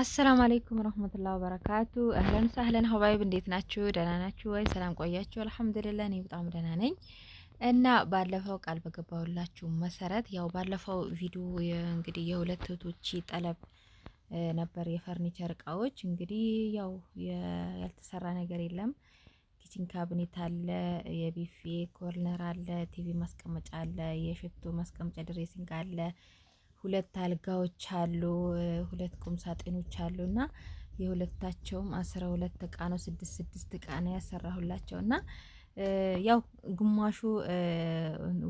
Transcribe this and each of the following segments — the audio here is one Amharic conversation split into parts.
አሰላሙ አለይኩም ረህመቱላህ ወበረካቱ። አህለን ሳህለን ሀባይብ እንዴት ናችሁ? ደህና ናችሁ ወይ? ሰላም ቆያችሁ? አልሐምዱሊላህ እኔ በጣም ደህና ነኝ። እና ባለፈው ቃል በገባሁላችሁ መሰረት ያው ባለፈው ቪዲዮ እንግዲህ የሁለት እህቶች ጠለብ ነበር የፈርኒቸር እቃዎች እንግዲህ ያው ያልተሰራ ነገር የለም። ኪችን ካቢኔት አለ፣ የቢፌ ኮርነር አለ፣ ቲቪ ማስቀመጫ አለ፣ የሽቶ ማስቀመጫ ድሬሲንግ አለ ሁለት አልጋዎች አሉ፣ ሁለት ቁም ሳጥኖች አሉ እና የሁለታቸውም አስራ ሁለት እቃ ነው። ስድስት ስድስት እቃ ነው ያሰራሁላቸው እና ያው ግማሹ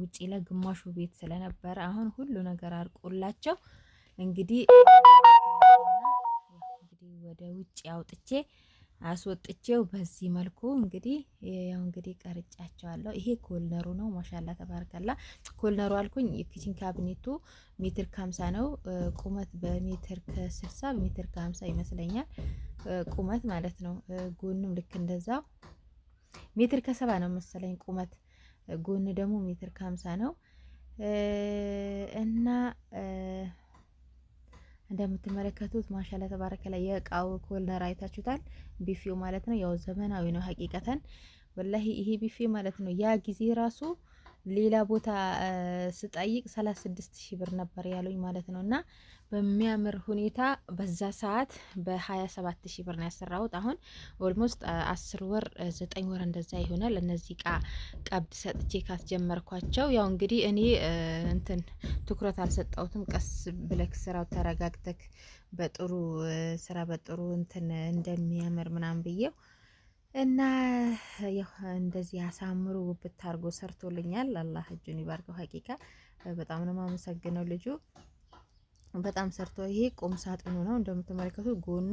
ውጪ ላይ ግማሹ ቤት ስለነበረ አሁን ሁሉ ነገር አርቆላቸው እንግዲህ እንግዲህ ወደ ውጭ አውጥቼ አስወጥቼው በዚህ መልኩ እንግዲህ ያው እንግዲህ ቀርጫቸዋለሁ። ይሄ ኮልነሩ ነው። ማሻላ ተባረከላ። ኮልነሩ አልኩኝ የኪችን ካቢኔቱ ሜትር ከሀምሳ ነው ቁመት በሜትር ከስልሳ በሜትር ከሀምሳ ይመስለኛል ቁመት ማለት ነው። ጎንም ልክ እንደዛው ሜትር ከሰባ ነው መሰለኝ ቁመት፣ ጎን ደግሞ ሜትር ከሀምሳ ነው እና እንደምትመለከቱት ማሻላ ተባረከ ላይ የእቃው ኮልነር አይታችሁታል። ቢፌው ማለት ነው። ያው ዘመናዊ ነው ሀቂቀተን ወላሂ ይሄ ቢፌ ማለት ነው ያ ጊዜ ራሱ ሌላ ቦታ ስጠይቅ 36 ሺ ብር ነበር ያሉኝ ማለት ነው። እና በሚያምር ሁኔታ በዛ ሰዓት በ27 ሺ ብር ነው ያሰራሁት። አሁን ኦልሞስት 10 ወር 9 ወር እንደዛ ይሆናል። እነዚህ እቃ ቀብድ ሰጥቼ ካስጀመርኳቸው ያው እንግዲህ እኔ እንትን ትኩረት አልሰጠሁትም። ቀስ ብለክ ስራው ተረጋግተክ በጥሩ ስራ በጥሩ እንትን እንደሚያምር ምናምን ብዬው እና እንደዚህ አሳምሩ ውብት አድርጎ ሰርቶልኛል። አላህ እጁን ይባርከው። ሀቂቃ በጣም ነው የማመሰግነው። ልጁ በጣም ሰርቶ ይሄ ቁም ሳጥኑ ነው እንደምትመለከቱት ጎኑ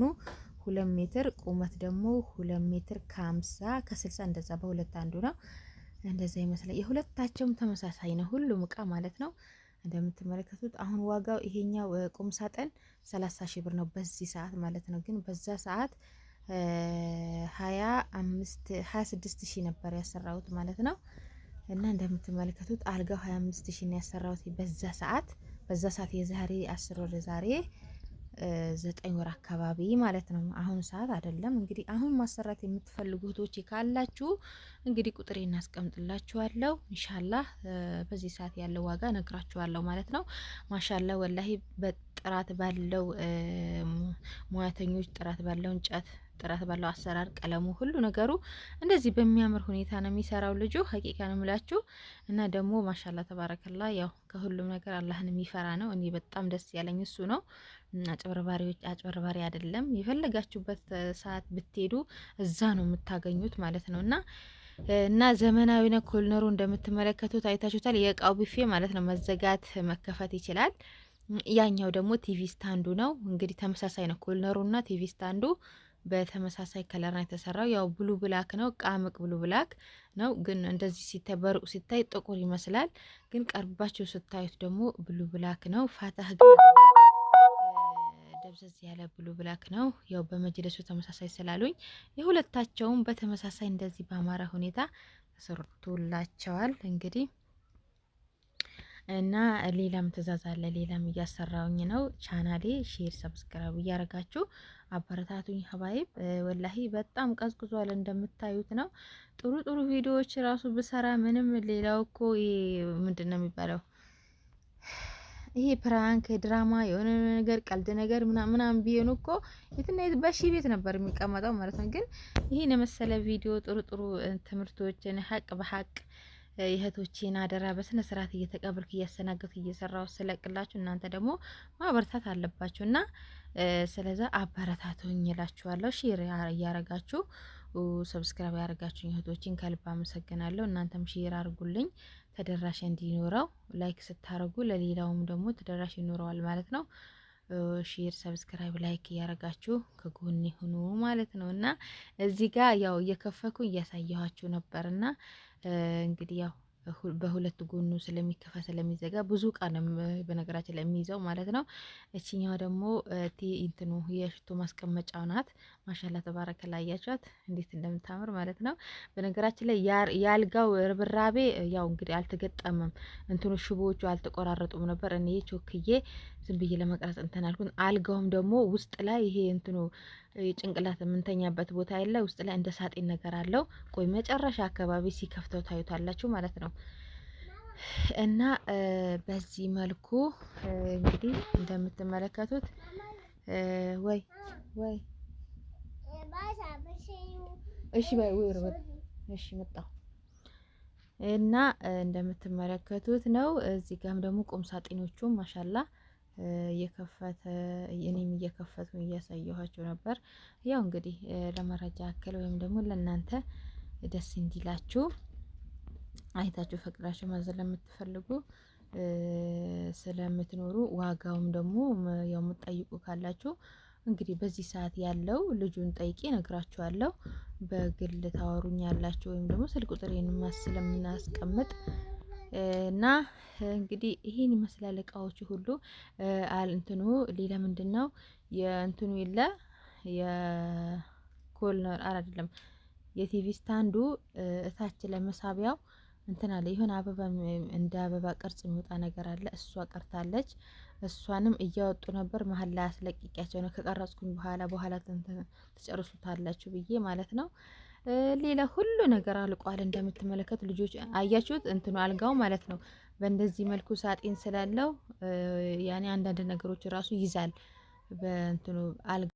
ሁለት ሜትር ቁመት ደግሞ ሁለት ሜትር ከሀምሳ ከስልሳ እንደዛ በሁለት አንዱ ነው እንደዛ ይመስላል። የሁለታቸውም ተመሳሳይ ነው ሁሉም እቃ ማለት ነው እንደምትመለከቱት። አሁን ዋጋው ይሄኛው ቁም ሳጥን ሰላሳ ሺህ ብር ነው በዚህ ሰዓት ማለት ነው። ግን በዛ ሰዓት ሀያ አምስት ሀያ ስድስት ነበር ያሰራሁት ማለት ነው። እና እንደምትመለከቱት አልጋው ሀያ አምስት ሺ ነው ያሰራሁት በዛ ሰዓት በዛ ሰዓት የዛሬ አስር ወር ዛሬ ዘጠኝ ወር አካባቢ ማለት ነው። አሁን ሰዓት አይደለም እንግዲህ። አሁን ማሰራት የምትፈልጉ እህቶች ካላችሁ እንግዲህ ቁጥሬ እናስቀምጥላችኋለሁ። ኢንሻላህ በዚህ ሰዓት ያለው ዋጋ ነግራችኋለሁ ማለት ነው። ማሻላህ ወላሂ በጥራት ባለው ሙያተኞች ጥራት ባለው እንጨት ጥራት ባለው አሰራር ቀለሙ፣ ሁሉ ነገሩ እንደዚህ በሚያምር ሁኔታ ነው የሚሰራው ልጁ ሀቂቃ ነው ምላችሁ። እና ደግሞ ማሻላ ተባረከላ። ያው ከሁሉም ነገር አላህን የሚፈራ ነው። እኔ በጣም ደስ ያለኝ እሱ ነው። አጭበርባሪዎች አጭበርባሪ አይደለም። የፈለጋችሁበት ሰዓት ብትሄዱ እዛ ነው የምታገኙት ማለት ነው እና እና ዘመናዊ ነው። ኮልነሩ እንደምትመለከቱት አይታችሁታል። የእቃው ብፌ ማለት ነው መዘጋት መከፈት ይችላል። ያኛው ደግሞ ቲቪ ስታንዱ ነው። እንግዲህ ተመሳሳይ ነው ኮልነሩና ቲቪ ስታንዱ በተመሳሳይ ከለር ነው የተሰራው። ያው ብሉ ብላክ ነው፣ ቃምቅ ብሉ ብላክ ነው። ግን እንደዚህ ሲታይ በሩቅ ሲታይ ጥቁር ይመስላል፣ ግን ቀርባችሁ ስታዩት ደግሞ ብሉ ብላክ ነው። ፋታህ ደብዘዝ ያለ ብሉ ብላክ ነው። ያው በመጅለሱ ተመሳሳይ ስላሉኝ የሁለታቸውም በተመሳሳይ እንደዚህ በአማረ ሁኔታ ተሰርቶላቸዋል እንግዲህ እና ሌላም ትእዛዝ አለ፣ ሌላም እያሰራውኝ ነው። ቻናሌ ሼር፣ ሰብስክራይብ እያረጋችሁ አበረታቱኝ። ሀባይብ ወላሂ በጣም ቀዝቅዟል እንደምታዩት ነው። ጥሩ ጥሩ ቪዲዮዎች ራሱ ብሰራ ምንም ሌላው እኮ ምንድን ነው የሚባለው ይሄ ፕራንክ ድራማ የሆነ ነገር ቀልድ ነገር ምናምን ቢሆን እኮ የትና የት በሺ ቤት ነበር የሚቀመጠው ማለት ነው። ግን ይህን የመሰለ ቪዲዮ ጥሩ ጥሩ ትምህርቶችን ሀቅ በሀቅ የእህቶቼን አደራ በስነ ስርዓት እየተቀብርክ እያስተናገድክ እየሰራው ስለቅላችሁ እናንተ ደግሞ ማበረታት አለባችሁ እና ስለዛ አበረታቱኝ እላችኋለሁ። ሼር እያረጋችሁ ሰብስክራይብ ያደርጋችሁ እህቶችን ከልብ አመሰግናለሁ። እናንተም ሼር አርጉልኝ ተደራሽ እንዲኖረው ላይክ ስታረጉ ለሌላውም ደግሞ ተደራሽ ይኖረዋል ማለት ነው። ሼር፣ ሰብስክራይብ፣ ላይክ እያረጋችሁ ከጎን ሁኑ ማለት ነው እና እዚህ ጋር ያው እየከፈኩ እያሳየኋችሁ ነበርና እንግዲህ ያው በሁለት ጎኑ ስለሚከፋ ስለሚዘጋ ብዙ እቃ ነው በነገራችን ላይ የሚይዘው ማለት ነው። እችኛዋ ደግሞ እንትኑ የሽቶ ማስቀመጫ ናት። ማሻላ ተባረከ ላያቸት እንዴት እንደምታምር ማለት ነው። በነገራችን ላይ የአልጋው ርብራቤ ያው እንግዲህ አልተገጠመም፣ እንትኑ ሽቦዎቹ አልተቆራረጡም ነበር። እኔ ቾክዬ ዝም ብዬ ለመቅረጽ እንትን አልኩኝ። አልጋውም ደግሞ ውስጥ ላይ ይሄ እንትኑ ጭንቅላት የምንተኛበት ቦታ የለ ውስጥ ላይ እንደ ሳጤን ነገር አለው። ቆይ መጨረሻ አካባቢ ሲከፍተው ታዩታላችሁ ማለት ነው። እና በዚህ መልኩ እንግዲህ እንደምትመለከቱት ወይ ወይ እሺ በይ እሺ መጣሁ እና እንደምትመለከቱት ነው። እዚህ ጋም ደግሞ ቁም ሳጥኖቹ ማሻላ እየከፈተ እኔም እየከፈትኩ እያሳየኋቸው ነበር። ያው እንግዲህ ለመረጃ ያክል ወይም ደግሞ ለእናንተ ደስ እንዲላችሁ አይታችሁ ፈቅዳችሁ ማዘ ለምትፈልጉ ስለምትኖሩ ዋጋውም ደግሞ ያው የምትጠይቁ ካላችሁ እንግዲህ በዚህ ሰዓት ያለው ልጁን ጠይቄ ነግራችኋለሁ። በግል ታወሩኛላችሁ ወይም ደግሞ ስልክ ቁጥሬን ስለምናስቀምጥ እና እንግዲህ ይህን ይመስላል። እቃዎቹ ሁሉ እንትኑ ሌላ ምንድን ነው የእንትኑ የለ የኮልነር አይደለም የቲቪ ስታንዱ እታች ለመሳቢያው እንትን አለ ይሁን አበባ እንደ አበባ ቅርጽ የሚወጣ ነገር አለ። እሷ ቀርታለች። እሷንም እያወጡ ነበር መሀል ላይ አስለቅቂያቸው ነው ከቀረጽኩኝ በኋላ በኋላ ተጨርሱታላችሁ ብዬ ማለት ነው። ሌላ ሁሉ ነገር አልቋል። እንደምትመለከቱ ልጆች አያችሁት፣ እንትኑ አልጋው ማለት ነው። በእንደዚህ መልኩ ሳጢን ስላለው ያኔ አንዳንድ ነገሮች ራሱ ይዛል በእንትኑ አልጋ